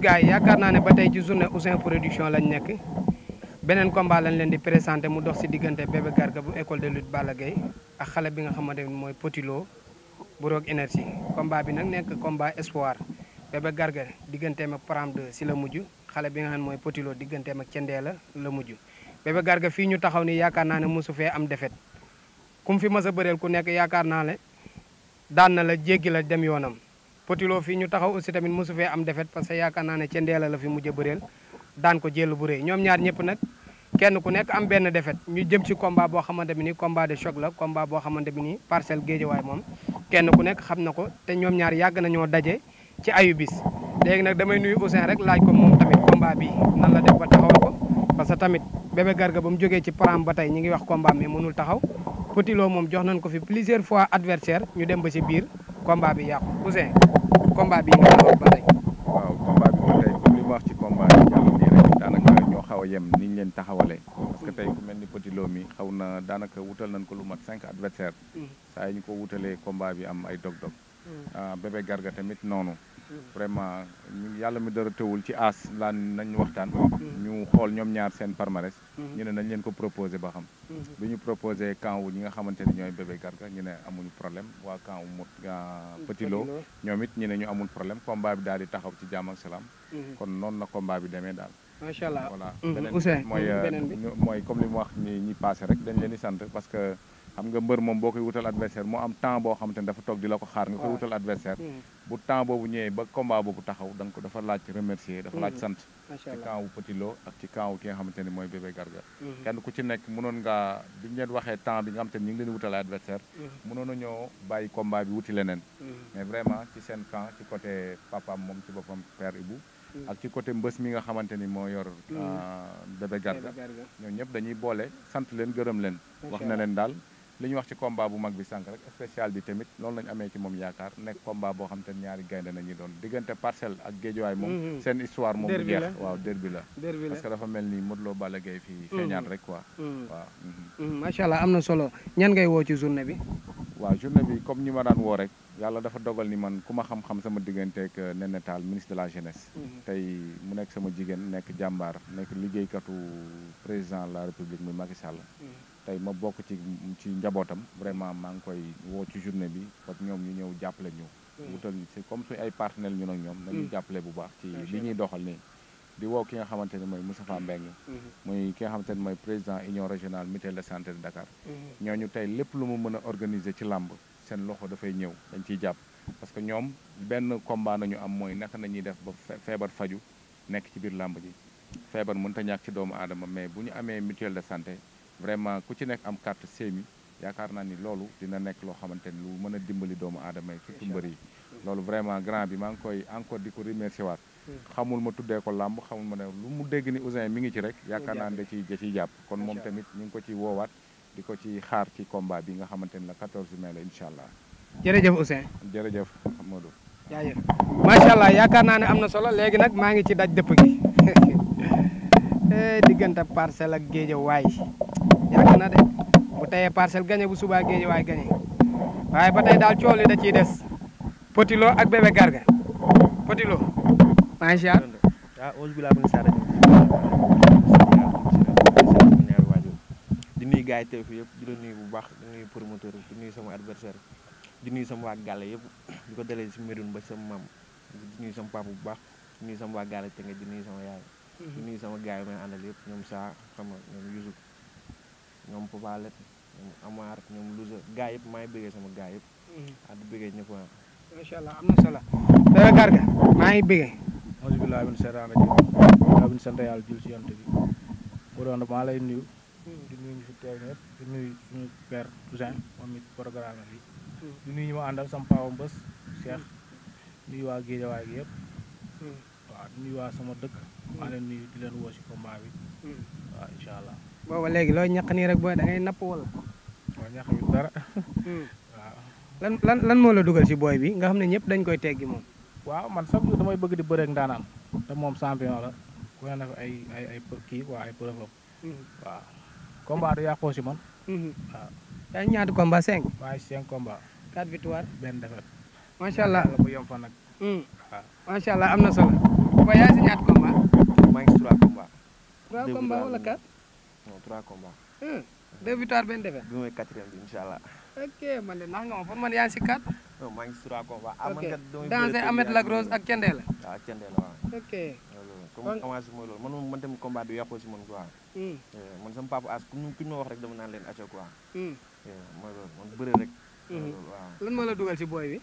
gars yi yaakaar naa ne ba tey ci journée Ouzin production lañu nekk beneen combat lañ leen di présenté mu dox si diggante Bébé Garga bu école de lutte Balla Gaye ak xale bi nga xamante ni mooy Petit Lo bu Rock bi nag nekk combat espoir Bébé Garga digganteem ak Param 2 si la mujj xale bi nga xam ne mooy Petit Lo digganteem ak Cendee la la mujj Bébé Garga fii ñu taxaw ni yaakaar naa ne mosu fee am defet kum fi mas a bëreel ku nekk yaakaar naa ne daan na la jéggi la dem yoonam Potiloo fii ñu taxaw aussi tamit mosu fee am defet parce que yaakaar naa ne ca ndeela la fi mujj bëreel daan ko jël bu rëy ñoom ñaar ñëpp nag kenn ku nekk am benn defet ñu jëm ci combat boo xamante bi ni combat de choc la combat boo xamante bi ni parcelle géejawaay moom kenn ku nekk xam na ko te ñoom ñaar yàgg nañoo daje ci ayu bis léegi nag damay nuyu Ousseyn rek laaj ko moom tamit combat bi nan la def ba taxawal ko parce que tamit bébé garga ba mu jógee ci param ba tey ñu ngi wax combat mi mënul taxaw Potiloo moom jox nañ ko fi plusieurs fois adversaire ñu dem ba ci biir combat bi yàqu Ouzin combat bi nga wax ba tey. waaw combat bi ba tey comme ma ñoo xaw a yem ni ñu leen taxawalee. parce que tey ku mel ni Petit xaw na daanaka wutal nañ ko lu mat cinq adversaires mm. saa yi ñu ko wutale combat bi am ay dog-dog. Mm. Ah, bébé garga tamit noonu. vraiment yàlla mi dara tëwul ci aas laan nañ waxtaan ñu xool ñoom ñaar seen palmarès ñu ne nañ leen ko proposé ba xam bi ñu proposé camp wu ñi nga xamante ne ñooy bébé garga ñu ne amuñu problème waa camp wu mot ah, petit ñu ne ñu amul problème combat bi daal di taxaw ci jàmm ak mhm. kon noonu la combat bi demee daal macha allah voilà mhm. beneen mhm, euh, mooy comme li wax ñi ñi passé rek dañ leen di parce que xam nga mbër moom boo koy wutal adversaire moo am temps boo xamante ne dafa toog di la ko xaar nga koy wutal adversaire bu temps boobu ñëwee ba combat boobu taxaw da dafa laaj remercier dafa laaj mm-hmm. sant ci camp wu Petit Lo ak ci camp wu ki nga xamante ni mooy bébé garga mm-hmm. kenn ku ci nekk mënoon ngaa bi ñu leen waxee temps bi nga xamante ñu ngi leen wutale adversaire mm-hmm. mënoon a ñoo bàyyi combat bi wuti leneen mais vraiment ci seen camp ci côté papaam moom ci boppam père Ibou ak ci côté mbës mi nga xamante ni moo yor euh, bébé garga ñoom ñëpp dañuy boole sant leen gërëm leen wax na leen daal li ñu wax ci combat bu mag bi sànq rek spécial bi tamit loolu lañu amee ci moom yaakaar nekk combat boo xam te ñaari gaynde nañu doon diggante parcelle ak géejuwaay moom mm-hmm. seen histoire moom bu jeex waaw derby la parce que dafa mel ni Modou Lo Balla Gaye fii mm-hmm. feeñaat rek quoi mm-hmm. waaw macha allah am na solo ñan ngay woo ci journée bi waaw journée bi comme ñi ma daan woo rek yàlla dafa dogal ni man ku ma xam-xam sama digganteeg euh, Néné Tall ministre de la jeunesse tey mu nekk sama jigéen nekk jàmbaar nekk liggéeykatu président la république muy Macky Sall tey ma bokk ci ci njabootam vraiment maa ngi koy woo ci journée bi parce que ñoom ñu ñëw jàppale ñu. Hmm. wutal si comme suñu ay partenaires ñun ak ñoom. Hmm. nañu jàppale bu baax ci li ñuy doxal nii. di woo ki nga xamante ne mooy Moustapha hmm. Mbengue. muy ki nga xamante ne mooy président union régionale mutuelle de santé de Dakar. ñooñu tey lépp lu mu mën a organiser ci làmb seen loxo dafay ñëw dañ ciy jàpp. parce que ñoom benn combat nañu am mooy naka na ñuy def ba feebar faju nekk ci biir làmb ji feebar mënut a ñàkk ci doomu aadama mais bu ñu amee mutuelle de santé. vraiment ku ci nekk am carte sémi yaakaar naa ni loolu dina nekk loo xamante ni lu mën a dimbali doomu aadama yi surtout mbër yi loolu vraiment grand bi maa ngi koy encore di ko remercier waat hmm. xamul ma tuddee ko làmb xamul ma lu mu dégg ni Ouzin mi ngi ci rek yaakaar naa ne da ciy da jàpp kon moom tamit ñu ngi ko ci woowaat di ko ci xaar ci combat bi nga xamante ni la 14 mai la incha allah jërëjëf Ouzin jërëjëf Amadou jaajëf yaakaar naa ne am na solo léegi nag maa ngi ci daj dëpp gi eh, diggante parcelle ak géejawaay yàgg de bu teyee parcelle gagné bu subaa géej waay gagné waaye ba tey daal coow li da ciy des Petit Lo ak bébé Garga Petit Lo maa ngi siyaar ah, di nuyu gars yi teew fi yëpp di la nuyu bu baax di nuyu promoteur di nuyu sama adversaire di nuyu sama waa gàlle yëpp di ko delee si Médoune ba sama maam di nuyu sama papa bu baax di nuyu sama waa gàlle te nga di nuyu sama yaay di nuyu sama gars may àndal yëpp ñoom saa xam ñoom Youssouf ñoom Papa Let ñoom Amar ñoom Louga gaa yëpp maa bëggee sama gaa yëpp. Mhm. bëggee ñëpp ah. am na dara Garga maa ngi bëggee. alhamdulilah bin seetaan rajo alhamdulilah bin sant jul si yonte bi. bu maa lay nuyu. Mhm. di nuyu ñu fi teew ñëpp di nuyu suñu père moom it programme bi. Mhm. di nuyu ñu ma àndal sama papa Mbës Cheikh nuyu waa Guédiawaay gi yëpp. waaw di nuyu waa sama dëkk. maa leen nuyu di leen woo si combat bi. waaw incha allah. booba léegi looy ñaq nii rek booy da ngay napp wala. waaw ñaq bi dara. waaw. Hmm. lan lan lan moo la dugal si booy bi nga xam ne ñëpp dañ koy teggi moom. waaw man chaque jour damay di bëreeg ndaanaan te moom champion la ku ne def ay ay ay kii quoi ay preuve hmm. waaw combat du yàqoo si man. Hmm. waaw. yaa ngi ñaata combat cinq. waaye cinq combat. quatre victoire benn défaite. macha allah bu yem fa nag. waaw allah am na solo. Boy yaa ngi si ñaata combat. maa ngi si trois combats. trois combats wala quatre. bi mooy quatrième bi incha allah. ok man de nax nga ma pour man yaa ngi si quatre. non maa ngi si trois combats. ok danser Amet Lagros ak Cendé la. waaw ah, Cendé la waaw. ok comme hmm. eh, man sama papa as ku ñu ku ñu ma wax rek dama naan leen acca quoi. Hmm. Eh, mooy loolu man bëre rek. Hmm. lan moo la dugal si booy bi.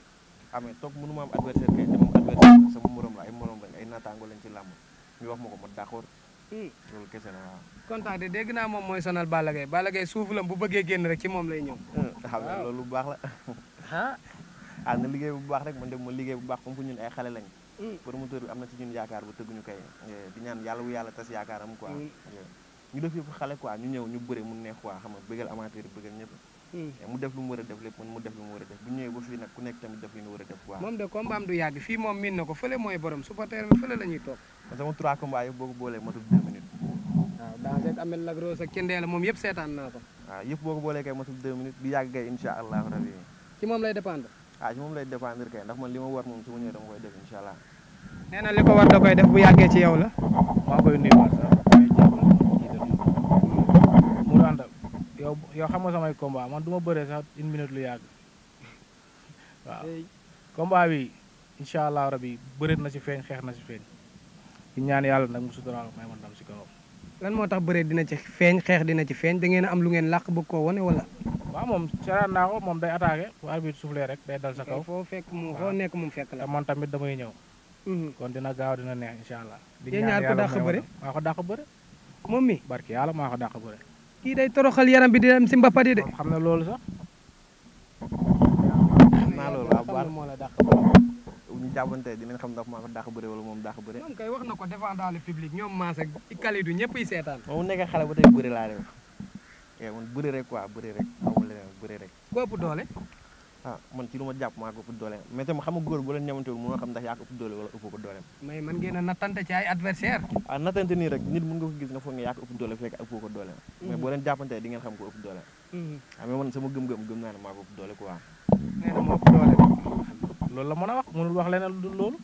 ah mais toog mënu ma am adversaire kay te moom adversaire sama morom la ay morom la. naataango lañ ci làmb ñu wax ma ko ma d'accord eh, loolu kese na waaw kontaan de dégg naa moom mooy sonal Balla Gaye Balla Gaye suuf la bu bëggee génn rek ci moom lay ñëw xam nga loolu bu baax la ah na liggéey bu baax rek man dem ma liggéey bu baax comme que ñun ay xale lañ eh. promoteur bi am na ci ñun yaakaar ba tëgg ñu kay eh, di ñaan yàlla bu yàlla tas yaakaaram quoi ñu def yëpp xale quoi ñu ñëw ñu bëre mu neex quoi xam nga bëggal amateur bëggal ñëpp Hmm. mu def lu mu war a def lépp mu def lu mu war a def bu ñëwee ba fii nag ku nekk def li nga war a def quoi moom de combat am du yàgg fii moom miin na ko fële mooy borom boo ko boolee matul deux minutes la gros ak moom yëpp seetaan naa yàgg kay insha allahu lay dépendre ah ci moom lay dépendre kay ndax man li ma war na li ko war da koy def bu yàggee ci yow la maa koy nuyuwaat yow yow xam nga samay combat man du ma sax une minute lu yàgg waaw combat bi incha allah rabi bëreet na si feeñ xeex na ci feeñ di yàlla nag mu suturaal may man dam lan moo tax bëreet dina ci feeñ xeex dina ci feeñ da ngeen am lu ngeen làq bëgg koo wane wala waaw moom saraan naa ko moom day attaqué bu arbitre soufflé rek day dal sa kaw foo fekk mu foo nekk mu fekk la man tamit damay ñëw mhm. kon dina gaaw dina neex incha allah di ñaan ko dàq bëre maa ko dàq bëre moom mi barki yàlla maa ko dàq bëre kii day toroxal yaram bi di dem si mbapat yi de. xam na loolu sax. naa loolu waaw moo la dàq ñu jàppante dinañ xam ndax dàq bëre wala moom dàq bëre. ñoom kay wax na ko devant dans le public ñoom Mass ak Kalidou ñëpp yi seetaan. moom mu nekk xale ba tey bëre laa def. eh man bëre rek quoi rek amul leneen bëre doole. ah man ci lu ma jàpp maa ëpp la ñamantewul mënoo xam ndax yaa ko doole mais man a xam ko gëm-gëm naa ne maa ëpp doole quoi loolu la mën a wax mënul wax leneen lu dul loolu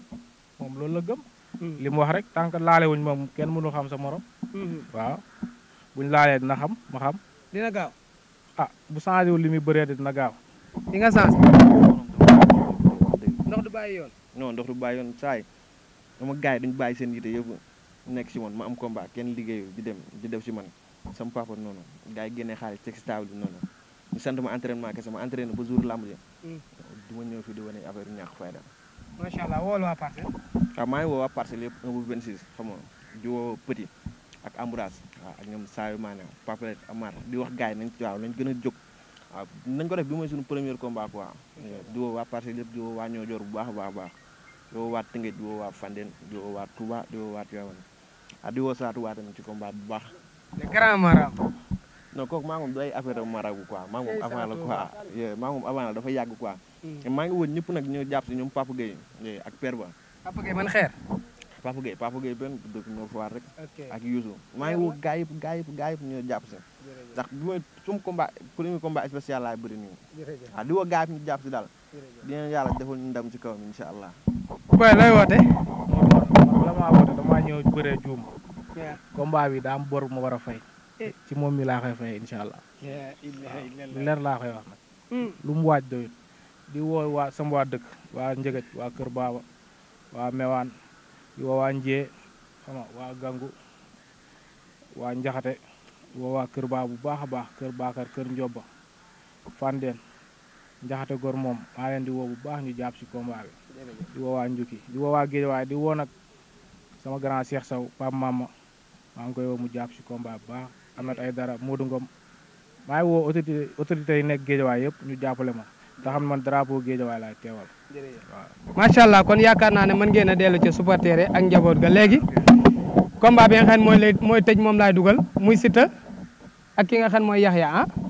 moom loolu la gëm mhm. li mu wax rek tant que laalewuñ moom kenn mënul xam sa morom mhm. waaw ah, bu changé wul li muy bëree dina gaaw di nga sens ndox du bàyyi yoon non ndox du bàyyi yoon saay dama gars yi bàyyi seen yite yëpp nekk si man ma am combat kenn liggéeyu di dem di def si man sama papa noonu gars yi génnee xaalis teg si table bi noonu ñu sant ma entraînement kese ma ba jour lamb ji hmm. ma ñëw fii di wane affaire ñàkk fayda macha allah woolu waa parcelle waaw ah, maa ngi woo waa parcelle yëpp 1 bu 26 di wax gars yi nañ waaw nañ gën a jóg waaw nañ ko def bi mooy suñu premier combat quoi di woo waa Parcelles yëpp waa Niodior bu baax a baax a baax di woo waa Tëngéej di woo waa Fandène di woo waa Touba di waa Tivaouane ah Saatu waa ci combat bu baax. le grand marabout. non kooku maa ngi moom du ay affaire marabout quoi maa ngi moom avant la yàgg quoi. Hmm. maa ngi woon ñëpp nag ñu jàpp si ñoom Papa Gueye ak Père Ba. man xeer. Papa Gueye Papa Gueye benn dëkk Nord Foire rek. ak Youssou maa ngi woo gaa yëpp gaa yëpp jàpp si. ndax bi ma sum combat premier combat spécial laay bëri nii. jërëjëf waaw di woo gaa yëpp ñu si daal. jërëjëf dinañ yàlla defal ñu ndam ci kawam incha allah. Boy ñëw bëree juum. combat bi daa am bor bu ma war a fay. Eh. ci moom mi laa koy fay incha allah. laa koy wax nag. Hmm. lu mu waaj doyut. di woo waa sama waa dëkk waa Njëgëj waa Kër Baaba waa Mewaan woo waa Njee waa Gangu waa Njaxate waa Kër baa bu baax a baax Kër Baakar Kër Njoba Fandeen Njaxate Gor moom maa leen di woo bu baax ñu jàpp si combat bi di woo waa di woo waa Géejawaay di woo nag sama grand Cheikh Mama maa ngi koy woo mu jàpp si combat bu baax Amet ay dara Modou Ngom maa ngi woo autorité yi nekk Géejawaay yëpp ñu jàppale ma nga man drapeau Guédiawaye laay teewal. waaw macha allah kon yaakaar naa ne man ngeen a dellu ca teere ak njaboot ga léegi. combat bi nga xam ne mooy mooy tëj moom laay dugal muy Siteu ak ki nga xam mooy ya ah.